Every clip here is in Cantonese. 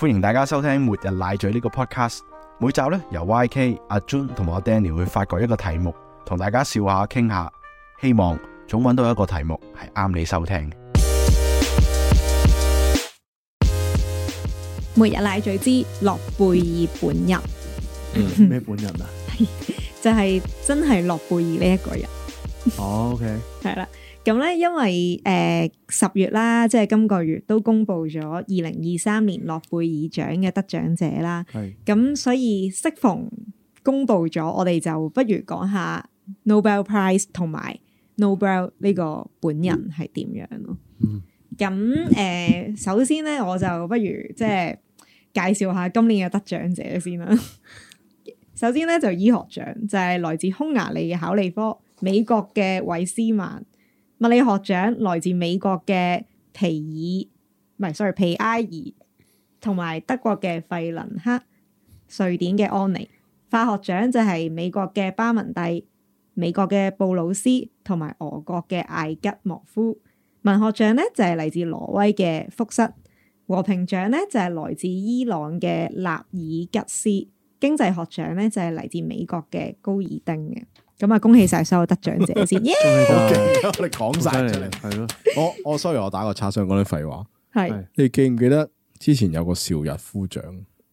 歡迎大家收聽《末日奶嘴》這個、呢個 podcast，每集咧由 YK 阿、啊、June 同埋我阿 Danny 會發掘一個題目，同大家笑下、傾下，希望總揾到一個題目係啱你收聽。末日奶嘴之諾貝爾本人， 嗯咩本人啊？ 就係真係諾貝爾呢一個人。 oh, OK，係啦。 咁咧，因為誒十、呃、月啦，即係今個月都公布咗二零二三年諾貝爾獎嘅得獎者啦。係咁是的、嗯，所以適逢公布咗，我哋就不如講下 Nobel Prize 同埋 Nobel 呢個本人係點樣咯。咁誒，首先咧，我就不如即係介紹下今年嘅得獎者先啦。首先咧，就醫學獎就係、是、來自匈牙利嘅考利科，美國嘅韋斯曼。物理學獎來自美國嘅皮爾，唔係，sorry 皮埃爾，同埋德國嘅費倫克，瑞典嘅安妮）。化學獎就係美國嘅巴文蒂，美國嘅布魯斯，同埋俄國嘅艾吉莫夫。文學獎咧就係、是、嚟自挪威嘅福塞；和平獎咧就係、是、來自伊朗嘅納爾吉斯。經濟學獎咧就係、是、嚟自美國嘅高爾丁嘅。咁啊，恭喜晒所有得獎者先，耶！好勁。你講晒嚟，係咯。我我 sorry，我打個叉想講啲廢話。係你記唔記得之前有個邵逸夫獎？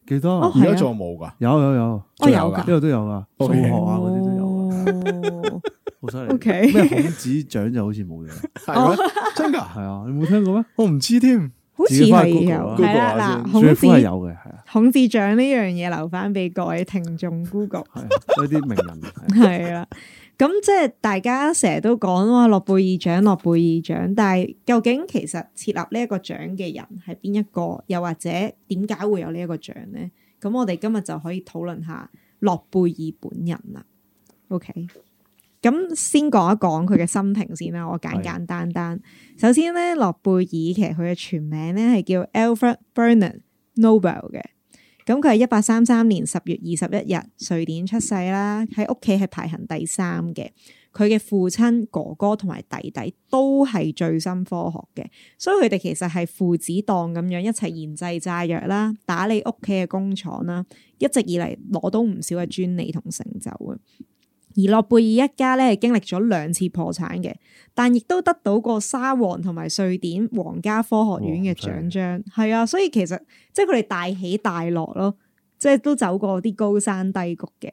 記得？而家仲有冇噶？有有有，都有噶，呢度都有噶，數學啊嗰啲都有。好犀利。OK。咩孔子獎就好似冇嘢，係咩？真噶？係啊，你冇聽過咩？我唔知添。好似係有係啦，嗱，孔子有嘅，係啊，孔子獎呢樣嘢留翻俾各位聽眾。 Google 有啲名人係啦，咁 即係大家成日都講哇，諾貝爾獎諾貝爾獎，但係究竟其實設立呢一個獎嘅人係邊一個，又或者點解會有呢一個獎咧？咁我哋今日就可以討論下諾貝爾本人啦。OK。咁先講一講佢嘅生平先啦，我簡簡單單。是的 首先咧，諾貝爾其實佢嘅全名咧係叫 Alfred Bernhard Nobel 嘅。咁佢係一八三三年十月二十一日瑞典出世啦，喺屋企係排行第三嘅。佢嘅父親、哥哥同埋弟弟都係醉心科學嘅，所以佢哋其實係父子檔咁樣一齊研製炸藥啦、打理屋企嘅工廠啦，一直以嚟攞到唔少嘅專利同成就嘅。而諾貝爾一家咧係經歷咗兩次破產嘅，但亦都得到過沙皇同埋瑞典皇家科學院嘅獎章。係啊，所以其實即係佢哋大起大落咯，即係都走過啲高山低谷嘅。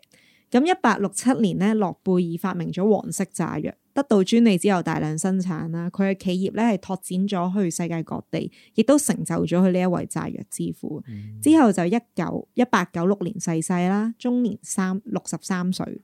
咁一八六七年咧，諾貝爾發明咗黃色炸藥，得到專利之後大量生產啦。佢嘅企業咧係拓展咗去世界各地，亦都成就咗佢呢一位炸藥之父。嗯、之後就一九一八九六年逝世啦，終年三六十三歲。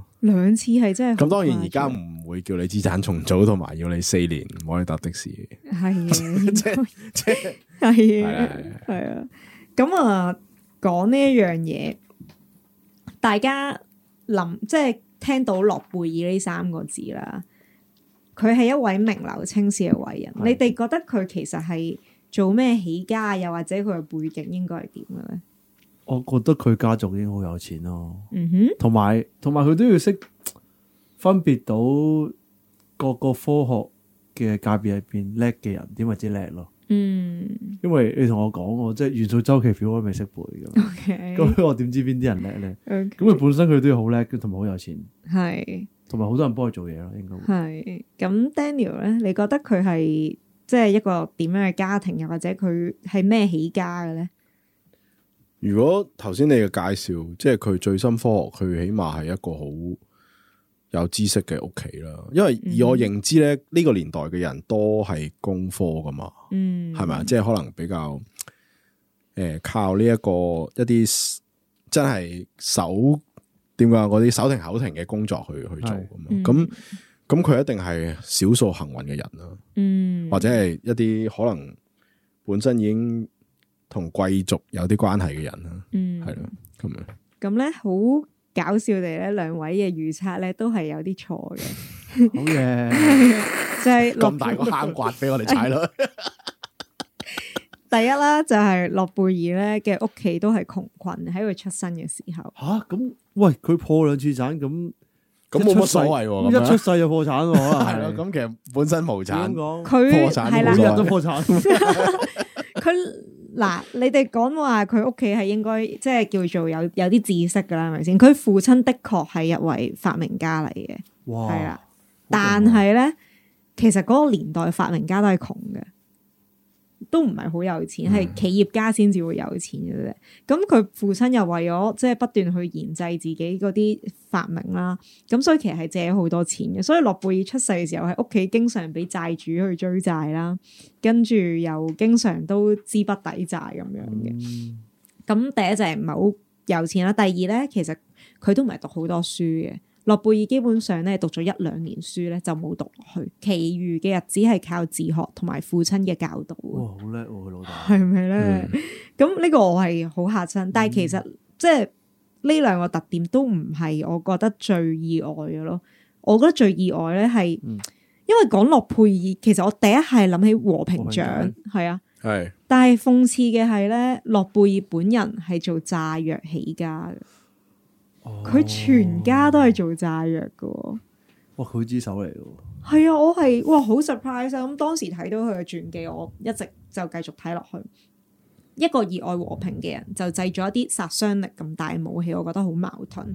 兩次係真係咁，當然而家唔會叫你資產重組，同埋要你四年唔可以搭的士。係啊，即係啊，咁 啊，講呢一樣嘢，大家諗即係聽到諾貝爾呢三個字啦。佢係一位名留青史嘅偉人，啊、你哋覺得佢其實係做咩起家，又或者佢嘅背景應該係點嘅咧？我覺得佢家族已經好有錢咯，嗯哼，同埋同埋佢都要識分別到各個科學嘅界別入邊叻嘅人點為之叻咯，嗯，因為你同我講喎，即係元素周期表我都未識背㗎，咁 Okay 我點知邊啲人叻咧？咁佢 Okay 本身佢都要好叻，同埋好有錢，係是，同埋好多人幫佢做嘢咯，應該係。咁 Daniel 咧，你覺得佢係即係一個點樣嘅家庭，又或者佢係咩起家嘅咧？如果頭先你嘅介紹，即係佢最新科學，佢起碼係一個好有知識嘅屋企啦。因為以我認知咧，呢、嗯、個年代嘅人多係工科噶嘛，係咪啊？即係可能比較誒、呃、靠呢、這個、一個一啲真係手點解？啊嗰啲手停口停嘅工作去去做咁，咁咁佢一定係少數幸運嘅人啦。嗯，或者係一啲可能本身已經。同貴族有啲關係嘅人啦，嗯，係咯，咁樣咁咧好搞笑地咧，兩位嘅預測咧都係有啲錯嘅，好嘅，即係咁大個坑刮俾我哋踩咯。第一啦，就係諾貝爾咧嘅屋企都係窮困喺佢出生嘅時候。吓咁喂，佢破兩次產，咁咁冇乜所謂，一出世就破產喎，係咯，咁其實本身無產，佢破產，入咗破產，佢。嗱，你哋講話佢屋企係應該即係叫做有有啲知識噶啦，明唔明先？佢父親的確係一位發明家嚟嘅，係啦哇，了但係咧，其實嗰個年代發明家都係窮嘅。都唔係好有錢，係企業家先至會有錢嘅啫。咁佢父親又為咗即係不斷去研製自己嗰啲發明啦，咁所以其實係借好多錢嘅。所以諾貝爾出世嘅時候，喺屋企經常俾債主去追債啦，跟住又經常都資不抵債咁樣嘅。咁第一隻唔係好有錢啦，第二咧其實佢都唔係讀好多書嘅。諾貝爾基本上咧讀咗一兩年書咧就冇讀落去，其餘嘅日子係靠自學同埋父親嘅教導。好叻喎，佢老豆係咪咧？咁呢、嗯、個我係好吓親，但係其實、嗯、即係呢兩個特點都唔係我覺得最意外嘅咯。我覺得最意外咧係，嗯、因為講諾貝爾，其實我第一係諗起和平獎，係啊，係是。但係諷刺嘅係咧，諾貝爾本人係做炸藥起家嘅。佢、哦、全家都係做炸藥嘅、哦啊，哇！佢之手嚟嘅，係啊！我係哇，好 surprise 啊！咁當時睇到佢嘅傳記，我一直就繼續睇落去。一個熱愛和平嘅人，就製造一啲殺傷力咁大嘅武器，我覺得好矛盾。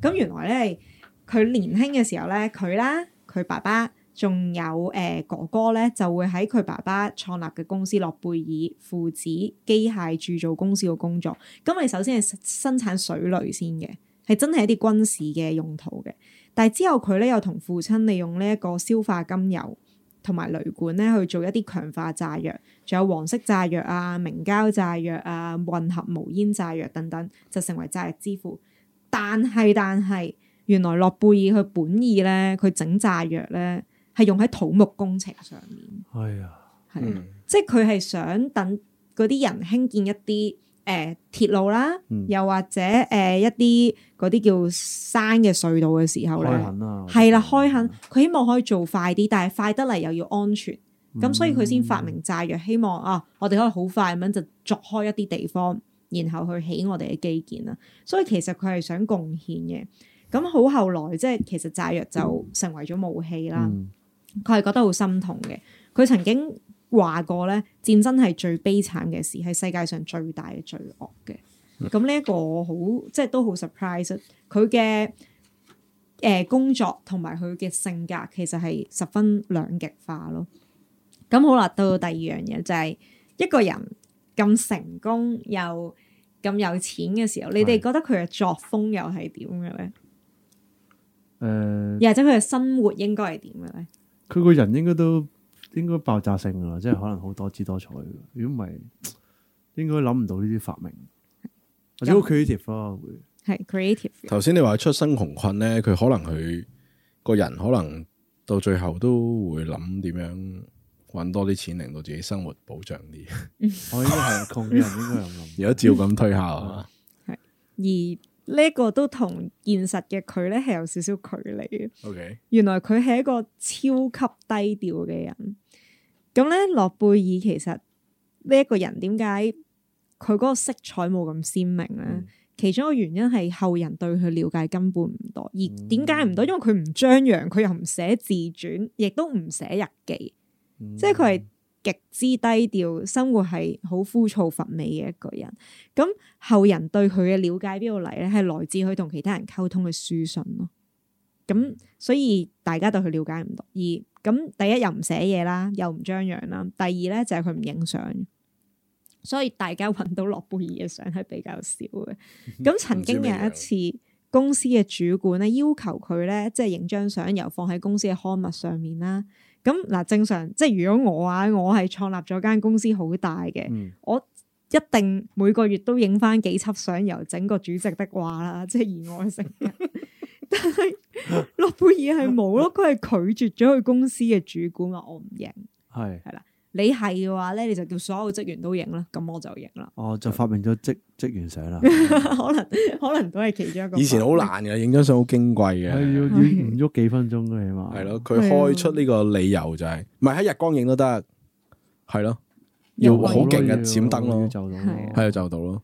咁、嗯、原來咧，佢年輕嘅時候咧，佢啦，佢爸爸仲有誒、呃、哥哥咧，就會喺佢爸爸創立嘅公司諾貝爾父子機械鑄造公司嘅工作。咁、嗯、你首先係生產水雷先嘅。係真係一啲軍事嘅用途嘅，但係之後佢咧又同父親利用呢一個硝化甘油同埋雷管咧去做一啲強化炸藥，仲有黃色炸藥啊、明膠炸藥啊、混合無煙炸藥等等，就成為炸藥之父。但係但係，原來諾貝爾佢本意咧，佢整炸藥咧係用喺土木工程上面。係啊，係，即係佢係想等嗰啲人興建一啲。誒、呃、鐵路啦，又或者誒、呃、一啲嗰啲叫山嘅隧道嘅時候咧，開墾啦，係啦，開墾。佢希望可以做快啲，但係快得嚟又要安全，咁、嗯、所以佢先發明炸藥，嗯、希望啊，我哋可以好快咁樣就鑿開一啲地方，然後去起我哋嘅基建啊。所以其實佢係想貢獻嘅。咁好後來，即係其實炸藥就成為咗武器啦。佢係、嗯、覺得好心痛嘅。佢曾經，話過咧，戰爭係最悲慘嘅事，係世界上最大嘅罪惡嘅。咁呢一個我好，即係都好 surprise。佢嘅誒工作同埋佢嘅性格其實係十分兩極化咯。咁好啦，到第二樣嘢就係、是、一個人咁成功又咁有錢嘅時候， 你哋覺得佢嘅作風又係點嘅咧？誒、呃，又或者佢嘅生活應該係點嘅咧？佢個人應該都。應該爆炸性噶啦，即係可能好多姿多彩。如果唔係，應該諗唔到呢啲發明。creative 係 creative。頭先你話出生窮困咧，佢可能佢個人可能到最後都會諗點樣揾多啲錢，令到自己生活保障啲。我應該係窮人，應該有諗。如果照咁推下，係二。呢一個都同現實嘅佢咧係有少少距離嘅。Okay. 原來佢係一個超級低調嘅人。咁咧，諾貝爾其實呢一個人點解佢嗰個色彩冇咁鮮明咧？嗯、其中一個原因係後人對佢了解根本唔多，而點解唔多？因為佢唔張揚，佢又唔寫自傳，亦都唔寫日記，嗯、即係佢係。極之低調，生活係好枯燥乏味嘅一個人。咁後人對佢嘅了解邊度嚟咧？係來自佢同其他人溝通嘅書信咯。咁所以大家就去了解唔到。二咁第一又唔寫嘢啦，又唔張揚啦。第二咧就係佢唔影相，所以大家揾、就是、到諾貝爾嘅相係比較少嘅。咁 曾經有一次公司嘅主管咧要求佢咧即係影張相，又放喺公司嘅刊物上面啦。咁嗱，正常即係如果我話，我係創立咗間公司好大嘅，嗯、我一定每個月都影翻幾輯相，由整個主席的話啦，即係熱愛成 但係諾貝爾係冇咯，佢係 拒絕咗，佢公司嘅主管話我唔影，係係啦。你係嘅話咧，你就叫所有職員都影啦，咁我就影啦。哦，就發明咗職職員相啦 可能可能都係其中一個。以前好難嘅，影張相好矜貴嘅，要要唔喐幾分鐘都起碼。係咯，佢開出呢個理由就係、是，唔係喺日光影都得，係咯，要好勁嘅閃燈咯，係就到咯。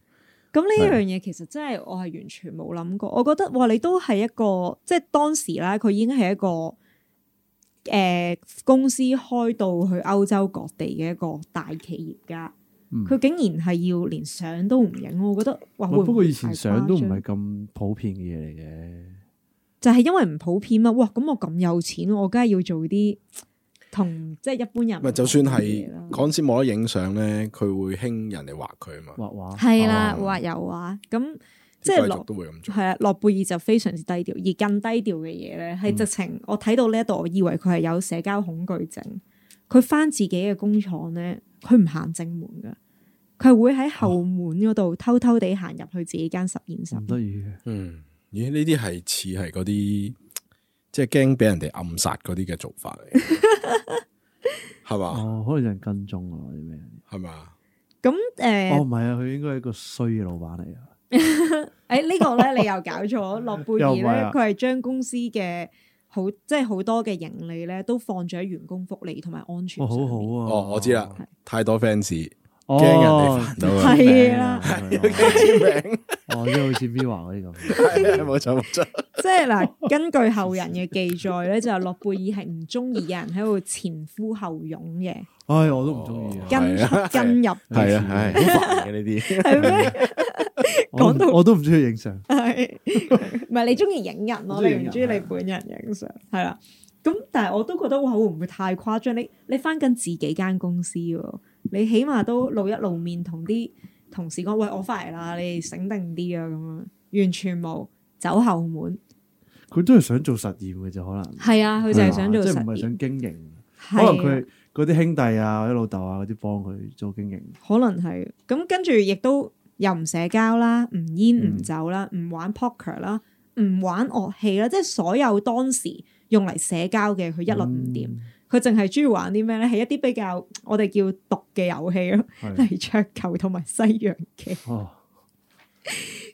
咁呢樣嘢其實真係我係完全冇諗過，的我覺得哇，你都係一個，即係當時咧，佢已經係一個，誒、呃、公司開到去歐洲各地嘅一個大企業家，佢、嗯、竟然係要連相都唔影，我覺得哇！會不過以前相都唔係咁普遍嘅嘢嚟嘅，就係因為唔普遍嘛。哇！咁、嗯啊、我咁有錢，我梗係要做啲同即係一般人唔係、啊嗯、就算係陣時冇得影相咧，佢 會興人哋畫佢啊嘛，畫畫係啦，的哦、畫油畫咁。即係落都會咁做，係啦，諾貝爾就非常之低調，而更低調嘅嘢咧，係直情我睇到呢一度，我以為佢係有社交恐懼症。佢翻、嗯、自己嘅工廠咧，佢唔行正門噶，佢會喺後門嗰度偷偷地行入去自己間實驗室。得意、啊、嗯，咦？呢啲係似係嗰啲，即係驚俾人哋暗殺嗰啲嘅做法嚟，係嘛？哦，可能有人跟蹤啊，啲咩？係嘛？咁誒，我唔係啊，佢應該係一個衰嘅老闆嚟啊。 誒，呢個咧你又搞錯，諾貝爾咧佢係將公司嘅好即係好多嘅盈利咧都放咗喺員工福利同埋安全。好好啊！哦，我知啦，太多 fans 驚人哋煩到啊，係啊，簽名。哦，即係好似 B 華嗰啲咁，冇錯冇錯。即係嗱，根據後人嘅記載咧，就諾貝爾係唔中意有人喺度前呼後擁嘅。唉，我都唔中意。跟出跟入係啊係，好煩嘅呢講到我都唔中意影相，係唔係你中意影人咯？你唔中意你本人影相係啦。咁但係我都覺得哇，會唔會太誇張？你你翻緊自己間公司喎，你起碼都露一露面，同啲同事講：喂，我翻嚟啦，你哋醒定啲啊！咁樣完全冇走後門。佢都係想做實驗嘅啫，可能係啊，佢就係想做實驗，即係唔係想經營。可能佢嗰啲兄弟啊、或者老豆啊嗰啲幫佢做經營，可能係咁跟住亦都。又唔社交啦，唔煙唔酒啦，唔玩 poker 啦，唔玩樂器啦，即係所有當時用嚟社交嘅，佢一律唔掂。佢淨係中意玩啲咩咧？係一啲比較我哋叫獨嘅遊戲咯，係桌是球同埋西洋棋。哦，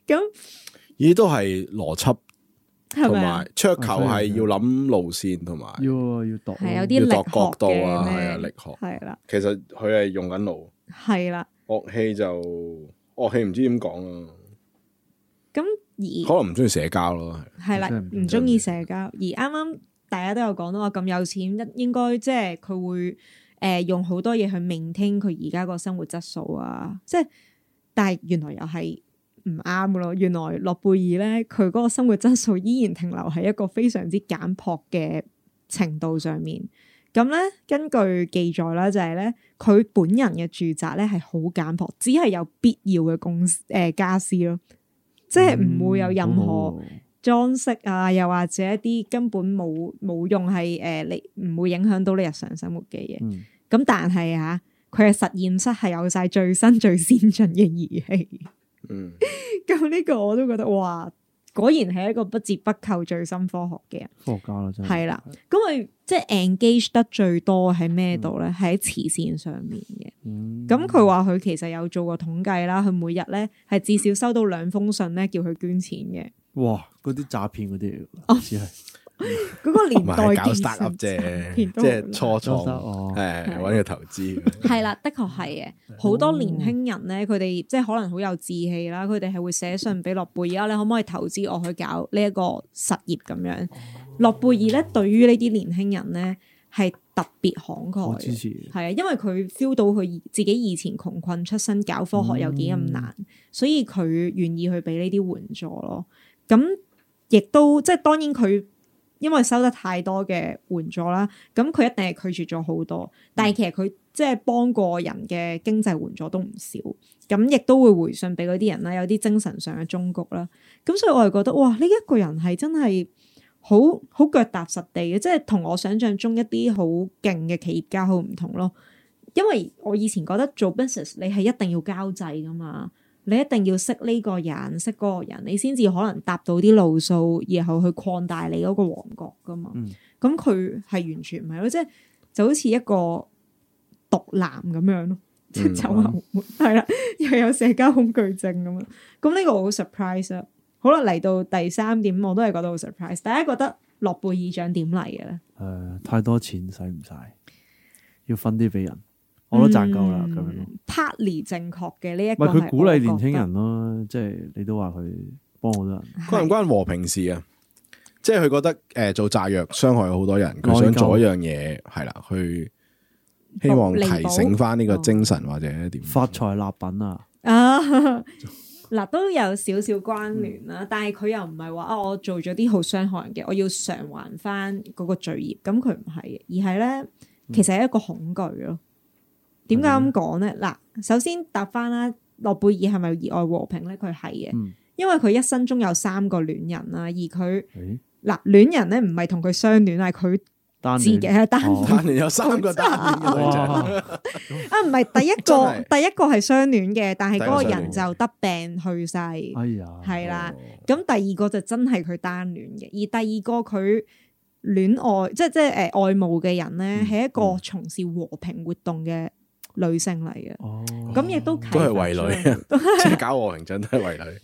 咁、 嗯，咦都係邏輯，同埋桌球係要諗路線同埋，要要度，係有啲力學嘅咩嗎？力學係啦，的其實佢係用緊腦，係啦的，樂器就。樂器唔知點講啊。咁而可能唔中意社交咯，係啦的，唔中意社交。而啱啱大家都有講到，話咁有錢，一應該即係佢會誒、呃、用好多嘢去 maintain 佢而家個生活質素啊，即係但係原來又係唔啱咯。原來諾貝爾咧，佢嗰個生活質素依然停留喺一個非常之簡樸嘅程度上面。咁咧，根據記載啦，就係咧，佢本人嘅住宅咧係好簡樸，只係有必要嘅公誒、呃、家私咯，即係唔會有任何裝飾啊，嗯、又或者一啲根本冇冇用係誒，你唔、呃、會影響到你日常生活嘅嘢。咁、嗯、但係啊，佢嘅實驗室係有晒最新最先進嘅儀器。嗯，咁呢 個我都覺得哇！果然係一個不折不扣最新科學嘅人。科學家啦，真係係啦。咁佢即係、就是、engage 得最多喺咩度咧？喺、嗯、慈善上面嘅。咁佢話佢其實有做過統計啦，佢每日咧係至少收到兩封信咧，叫佢捐錢嘅。哇！嗰啲詐騙嗰啲，似係、哦。嗰 個年代 搞 s 啫， 即係初初，係搵嘅投資。係啦，的確係嘅。好、哦、多年輕人咧，佢哋即係可能好有志氣啦，佢哋係會寫信俾諾貝爾吖，你可唔可以投資我去搞呢一個實業咁樣？諾貝爾咧，對於呢啲年輕人咧，係特別慷慨。支持係啊，因為佢 feel 到佢自己以前窮困出身，搞科學有幾咁難，嗯、所以佢願意去俾呢啲援助咯。咁亦都即係當然佢。因為收得太多嘅援助啦，咁佢一定係拒絕咗好多，但係其實佢即係幫過人嘅經濟援助都唔少，咁亦都會回信俾嗰啲人啦，有啲精神上嘅中谷啦，咁所以我係覺得哇，呢、這、一個人係真係好好腳踏實地嘅，即係同我想象中一啲好勁嘅企業家好唔同咯，因為我以前覺得做 business 你係一定要交際噶嘛。你一定要識呢個人，識嗰個人，你先至可能搭到啲路數，然後去擴大你嗰個王國噶嘛。咁佢係完全唔係咯，即、就、係、是、就好似一個獨男咁樣咯，即係走後門，係啦 說、嗯，又有社交恐懼症咁啊。咁呢個我好 surprise 啊！好啦，嚟到第三點，我都係覺得好 surprise。大家覺得諾貝爾獎點嚟嘅咧？誒、呃，太多錢使唔曬？要分啲俾人，我都賺夠啦，咁樣、嗯。Partly 正確嘅呢一個，係佢鼓勵年輕人咯，即係你都話佢幫好多人，關唔關和平事啊？的即係佢覺得誒、呃、做炸藥傷害好多人，佢想做一樣嘢係啦，去不希望提醒翻呢個精神或者點？發財立品啊！啊，嗱 都有少少關聯啦，嗯、但係佢又唔係話啊，我做咗啲好傷害人嘅，我要償還翻嗰個罪業，咁佢唔係，而係咧，其實係一個恐懼咯。嗯嗯點解咁講咧？嗱，首先答翻啦，諾貝爾係咪熱愛和平咧？佢係嘅，嗯、因為佢一生中有三個戀人啊。而佢，嗱戀人咧唔係同佢相戀，係佢自己單戀，哦、有三個單戀啊，唔係第一個，第一個係相戀嘅，但係嗰個人就得病去世，啊、哎，係啦，咁、哎、第二個就真係佢單戀嘅，而第二個佢戀愛即係即係誒愛慕嘅人咧，係一個從事和平活動嘅。女性嚟嘅，咁亦、哦、都都係為女啊！先 搞和平都係為女。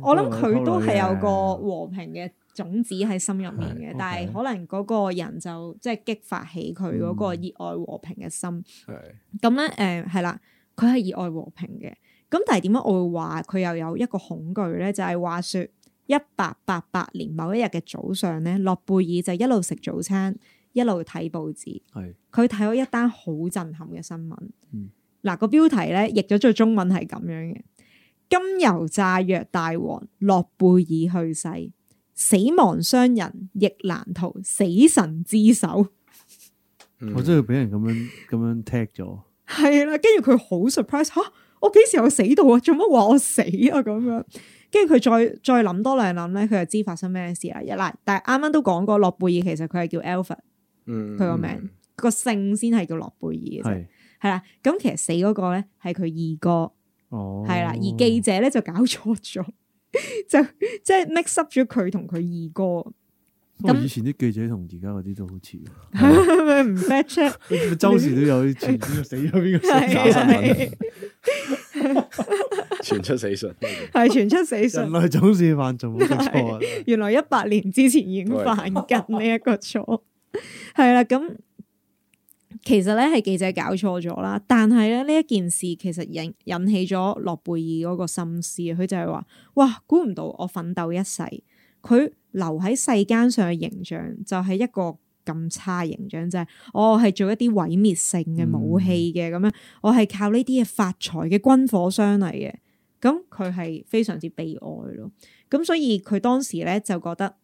我諗佢都係有個和平嘅種子喺心入面嘅，okay、但係可能嗰個人就即係激發起佢嗰個熱愛和平嘅心。係咁咧，誒係、嗯、啦，佢係熱愛和平嘅。咁但係點解我會話佢又有一個恐懼咧？就係、是、話説一八八八年某一日嘅早上咧，諾貝爾就一路食早餐，一路睇報紙，佢睇到一單好震撼嘅新聞。嗱、嗯，個標題咧譯咗最中文係咁樣嘅：金油炸藥大王諾貝爾去世，死亡商人亦難逃死神之手、嗯 啊。我真係俾人咁樣咁樣踢咗。係啦，跟住佢好 surprise 吓，我幾時有死到啊？做乜話我死啊？咁樣，跟住佢再再諗多兩諗咧，佢就知發生咩事啦。一嗱，但係啱啱都講過諾貝爾其實佢係叫 Alfred。佢個名個姓先係叫諾貝爾嘅啫，係啦。咁其實死嗰個咧係佢二哥，係啦。而記者咧就搞錯咗，就即係 mix up 咗佢同佢二哥。咁以前啲記者同而家嗰啲都好似唔 match。周時都有，邊個死咗？邊個死？傳出死訊，係傳出死訊。原來總是犯咗個錯。原來一百年之前已經犯緊呢一個錯。係啦，咁其實咧係記者搞錯咗啦，但係咧呢一件事其實引引起咗諾貝爾嗰個心思，佢就係話：「哇，估唔到我奮鬥一世，佢留喺世間上嘅形象就係、是、一個咁差嘅形象就係、是哦，我係做一啲毀滅性嘅武器嘅，咁、嗯、樣我係靠呢啲嘢發財嘅軍火商嚟嘅，咁佢係非常之悲哀咯，咁所以佢當時咧就覺得。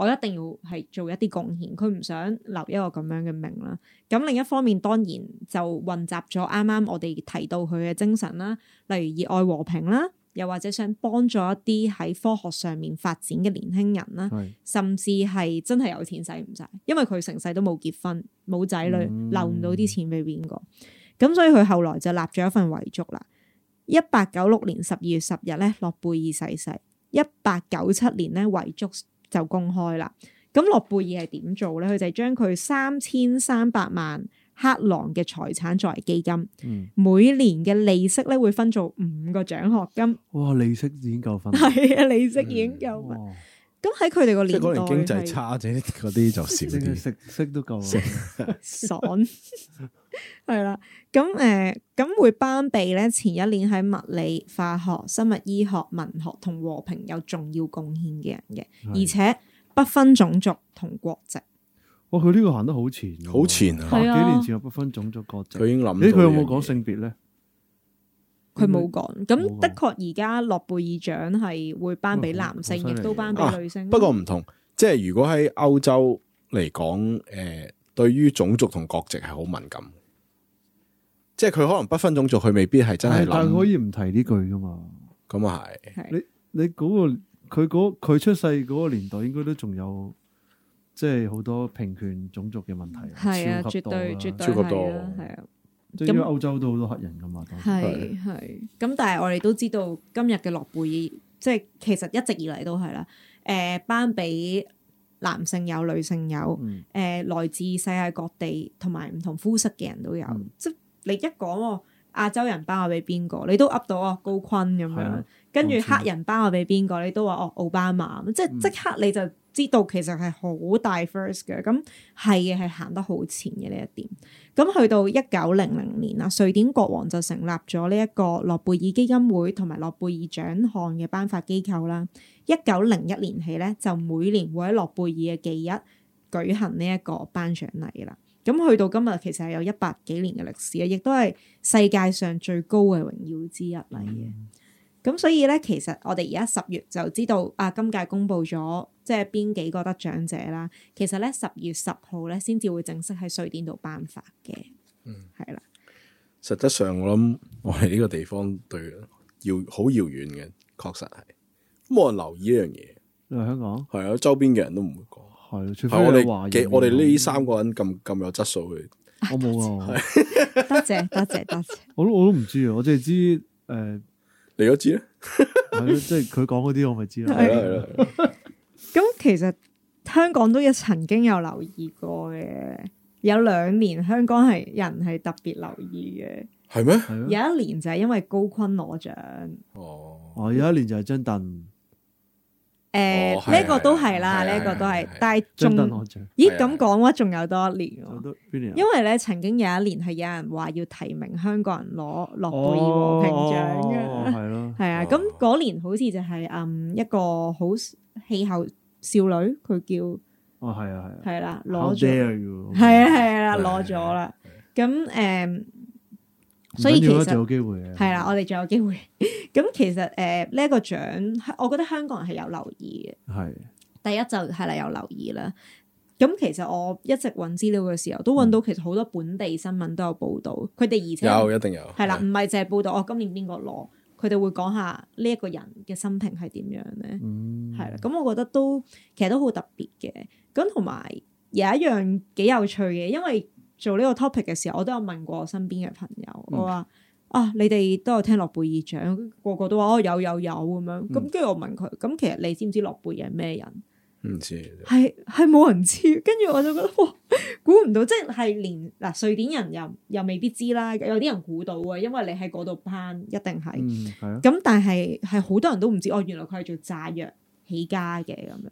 我一定要係做一啲貢獻，佢唔想留一個咁樣嘅名啦。咁另一方面，當然就混雜咗啱啱我哋提到佢嘅精神啦，例如熱愛和平啦，又或者想幫助一啲喺科學上面發展嘅年輕人啦，是甚至係真係有錢使唔晒，因為佢成世都冇結婚冇仔女，嗯、留唔到啲錢俾邊個。咁所以佢後來就立咗一份遺囑啦。一八九六年十二月十日咧，諾貝爾逝世。一八九七年咧，遺囑就公開啦。咁諾貝爾係點做咧？佢就係將佢三千三百萬克朗嘅財產作為基金，嗯、每年嘅利息咧會分做五個獎學金。哇！利息已經夠分，係啊！利息已經夠分。咁喺佢哋個年代年經濟差啲，嗰啲、啊、就少啲息息都夠爽。 係 啦，咁誒，咁、呃、會頒俾咧前一年喺物理、化學、生物、醫學、文學同和，和平有重要貢獻嘅人嘅，是的 而且不分種族同國籍。哇、哦，佢呢個行得好前，好前啊！幾年前有不分種族國籍，佢的已經諗。佢有冇講性別咧？佢冇講。咁的、嗯、確，而家諾貝爾獎係會頒俾男性，亦都頒俾女性。 啊啊、不過唔同，即係如果喺歐洲嚟講，誒、呃，對於種族同國籍係好敏感。即係佢可能不分種族，佢未必係真係諗，但係可以唔提呢句㗎嘛？咁啊係。你你嗰個佢佢出世嗰個年代，應該都仲有即係好多平權種族嘅問題。係啊，絕對絕對係啊。因為歐洲都好多黑人㗎嘛。係係。咁但係我哋都知道，今日嘅諾貝爾即係其實一直以嚟都係啦。誒，頒俾男性有、女性有、誒來自世界各地同埋唔同膚色嘅人都有，即你一講亞洲人頒我俾邊個，你都噏到哦高坤咁樣，跟住的黑人頒我俾邊個，你都話哦奧巴馬咁，嗯、即即刻你就知道其實係好 diverse 嘅。咁係嘅，係行得好前嘅呢一點。咁去到一九零零年啦，瑞典國王就成立咗呢一個諾貝爾基金會同埋諾貝爾獎項嘅頒發機構啦。一九零一年起咧，就每年會喺諾貝爾嘅忌日舉行呢一個頒獎禮啦。咁去到今日，其實係有一百幾年嘅歷史啊，亦都係世界上最高嘅榮耀之一嚟嘅。咁、嗯、所以咧，其實我哋而家十月就知道啊，今屆公布咗即係邊幾個得獎者啦。其實咧，十月十號咧先至會正式喺瑞典度頒發嘅。嗯，係啦的。實質上，我諗我哋呢個地方，對遙好遙遠嘅，確實係冇人留意一樣嘢。你喺香港係啊，周邊嘅人都唔會。係，我哋幾？我哋呢三個人咁咁有質素嘅。我冇啊，多謝多謝多謝。我都我都唔知啊，我淨係知誒，呃、你都知咧，即係佢講嗰啲我咪知咯，係啦 咁 其實香港都有曾經有留意過嘅，有兩年香港係人係特別留意嘅。係咩嗎？ 有一年就係因為高錕攞獎。哦。哦，有一年就係張凳。誒呢一個都係啦，呢一個都係，但係仲咦咁講話仲有多一年喎，因為咧，曾經有一年係有人話要提名香港人攞諾貝爾和平獎嘅。係啊，咁嗰年好似就係嗯，一個好氣候少女，佢叫，哦係啊係啊，係啦攞咗，係啊係啊攞咗啦，咁誒。所以其實係啦，我哋仲有機會。咁 其實誒呢一個獎，我覺得香港人係有留意嘅。係的。第一就係、是、啦，有留意啦。咁其實我一直揾資料嘅時候，都揾到其實好多本地新聞都有報道。佢哋、嗯、而且有一定有。係啦的，唔係淨係報道我、哦、今年邊個攞，佢哋會講下呢一個人嘅生平係點樣咧。嗯。係啦，咁我覺得都其實都好特別嘅。咁同埋有一樣幾有趣嘅，因為。做呢個 topic 嘅時候，我都有問過我身邊嘅朋友，我話、嗯、啊，你哋都有聽諾貝爾獎，個個都話哦，有有有咁樣，咁跟住我問佢，咁其實你知唔知諾貝爾係咩人？唔知，係係冇人知，跟住我就覺得哇，估唔到，即係連嗱、呃、瑞典人又又未必知啦，有啲人估到啊，因為你喺嗰度攀，一定係，咁、嗯啊、但係，係好多人都唔知，哦，原來佢係做炸藥起家嘅咁樣。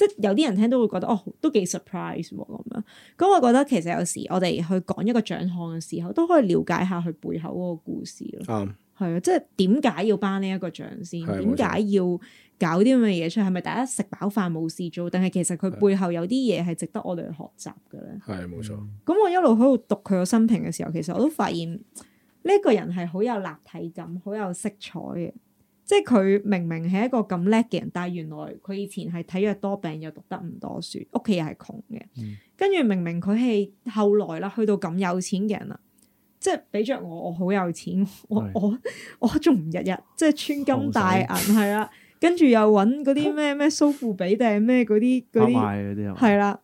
即係有啲人聽到會覺得哦，都幾 surprise 喎咁樣。咁我覺得其實有時我哋去講一個獎項嘅時候，都可以了解下佢背後嗰個故事咯。係啊、嗯，即係點解要頒呢一個獎先？點解的要搞啲咁嘅嘢出嚟？係咪大家食飽飯冇事做？但係其實佢背後有啲嘢係值得我哋去學習嘅咧。係冇錯。咁、嗯、我一路喺度讀佢個生平嘅時候，其實我都發現呢個人係好有立體感、好有色彩嘅。即係佢明明係一個咁叻嘅人，但係原來佢以前係體弱多病，又讀得唔多書，屋企又係窮嘅。嗯、跟住明明佢係後來啦，去到咁有錢嘅人啦，即係比着我，我好有錢，我是我我仲唔日日即係穿金戴銀係啦， 跟住又揾嗰啲咩咩蘇富比定係咩嗰啲嗰啲，係啦，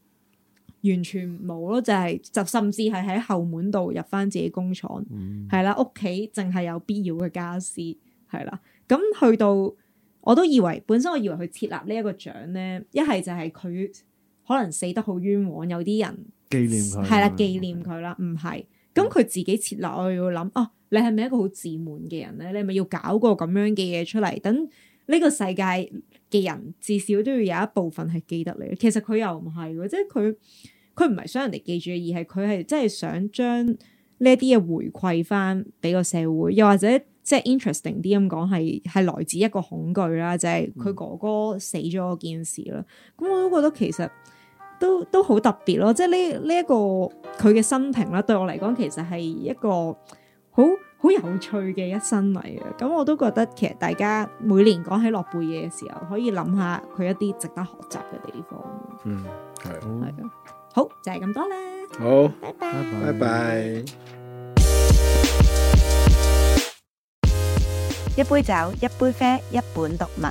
完全冇咯，就係、是、就甚至係喺後門度入翻自己工廠，係啦、嗯，屋企淨係有必要嘅家俬，係啦。咁去到，我都以為本身，我以為佢設立呢一個獎咧，一係就係佢可能死得好冤枉，有啲人紀念佢，係啦，紀念佢啦。唔係，咁佢自己設立，我要諗，哦、啊，你係咪一個好自滿嘅人咧？你係咪要搞個咁樣嘅嘢出嚟，等呢個世界嘅人至少都要有一部分係記得你？其實佢又唔係喎，即係佢佢唔係想人哋記住，而係佢係真係想將呢啲嘢回饋翻俾個社會，又或者。即係 interesting 啲咁講，係係來自一個恐懼啦，就係佢哥哥死咗件事啦。咁、嗯、我都覺得其實都都好特別咯。即係呢呢一個佢嘅生平啦，對我嚟講其實係一個好好有趣嘅一生嚟嘅。咁我都覺得其實大家每年講起諾貝爾嘅時候，可以諗下佢一啲值得學習嘅地方。嗯，係、哦，係啊，好就係咁多啦。好，拜、就、拜、是，拜拜。一杯酒，一杯啡，一本讀物。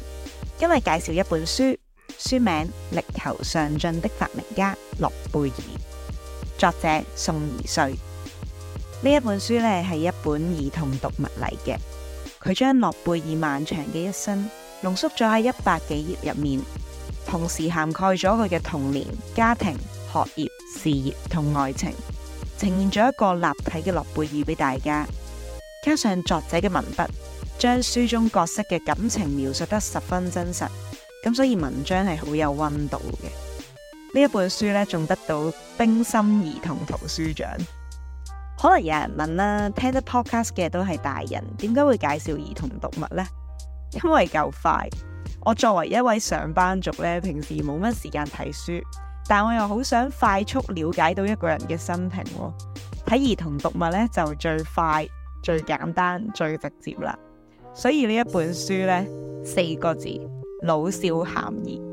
今日介紹一本書，書名《力求上進的發明家諾貝爾》，作者宋詒瑞。呢一本書咧係一本兒童讀物嚟嘅，佢將諾貝爾漫長嘅一生濃縮咗喺一百幾頁入面，同時涵蓋咗佢嘅童年、家庭、學業、事業同愛情，呈現咗一個立體嘅諾貝爾俾大家。加上作者嘅文筆。將書中角色嘅感情描述得十分真實，咁所以文章係好有溫度嘅。呢一本書呢，仲得到冰心兒童圖書獎。 可能有人問啦，聽得 podcast 嘅都係大人，點解會介紹兒童讀物呢？因為夠快。我作為一位上班族呢，平時冇乜時間睇書，但我又好想快速了解到一個人嘅心情，睇兒童讀物呢，就最快、最簡單、最直接啦。所以呢一本書咧，四個字，老少咸宜。